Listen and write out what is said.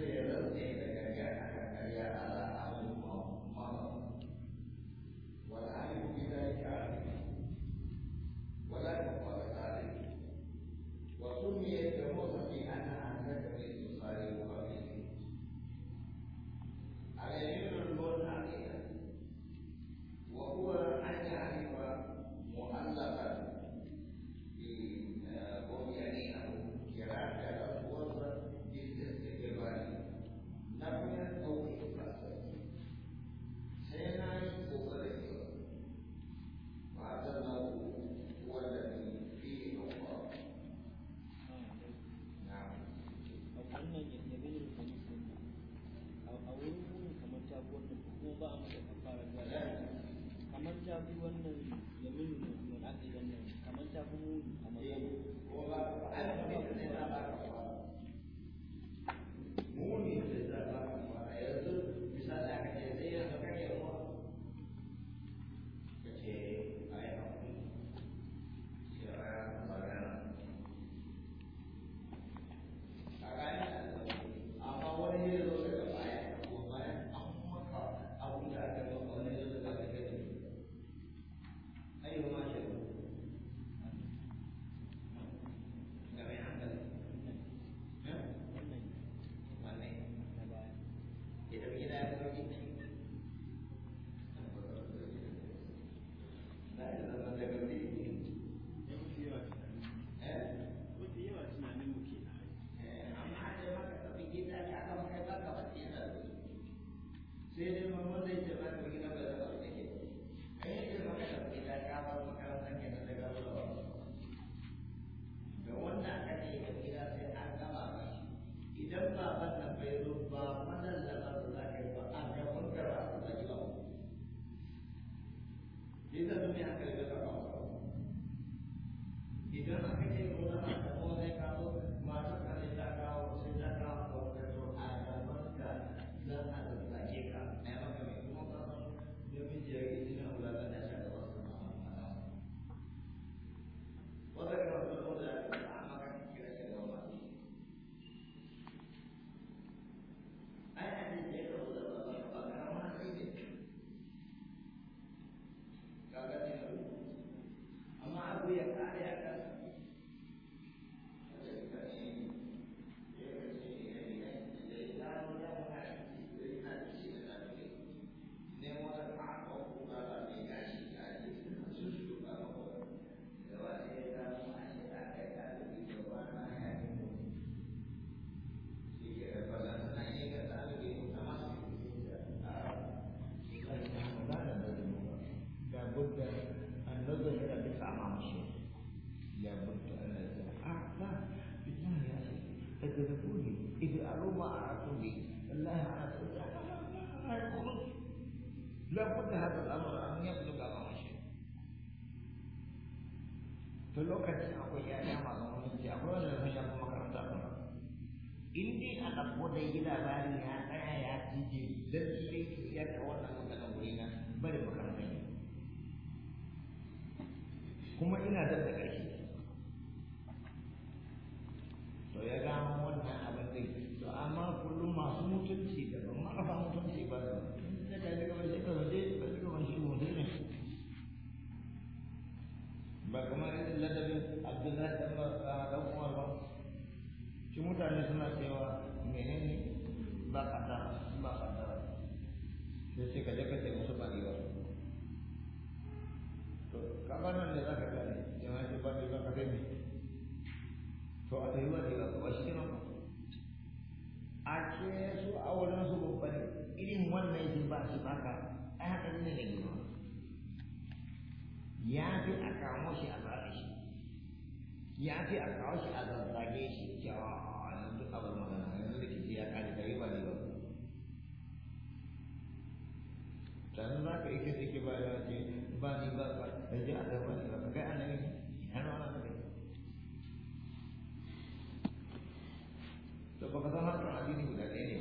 Yeah. ta fi wannan yamin da ta fi wannan kamar ta fi a magana eh, sai dai mamman zai ce za ka bi na bada da ke a yi ce maka da ke da kafar makarantar ke da daga zuwa da wanda aka ga gida sai an gama ba idan baban nan bai zo ba wannan lamar za ka yi ba a gaban kara su da gida ba. Idan zumi aka yi da kafar idan aka ce ko zama ಅದು ಎಲ್ಲ ಯಾಕ تدركوني اجعلوا ما أعطوني الله أعطوني لا بد هذا الأمر أن يبلغ ماشي فلوكتي أقول يا جماعة ومنتي أقول لهم يا مكرمة in dai a ɗauko da yi labarin ya tsaya ya cije lallai ya ta wannan maganar wuri na bari makarantar ne kuma ina da da ƙarfi yiwa da yawa ba shi kenan a ce su a wurin su babban irin wannan ba shi ne da ya fi a kamo shi a zaɓe shi ya fi a kawo shi a zazzage shi cewa a ah, abin magana yanzu da ya kare ka yi ba ne ba sannan za ka ita take ba ya ce ba ni ba ba a ba 我把他转到经理柜台里。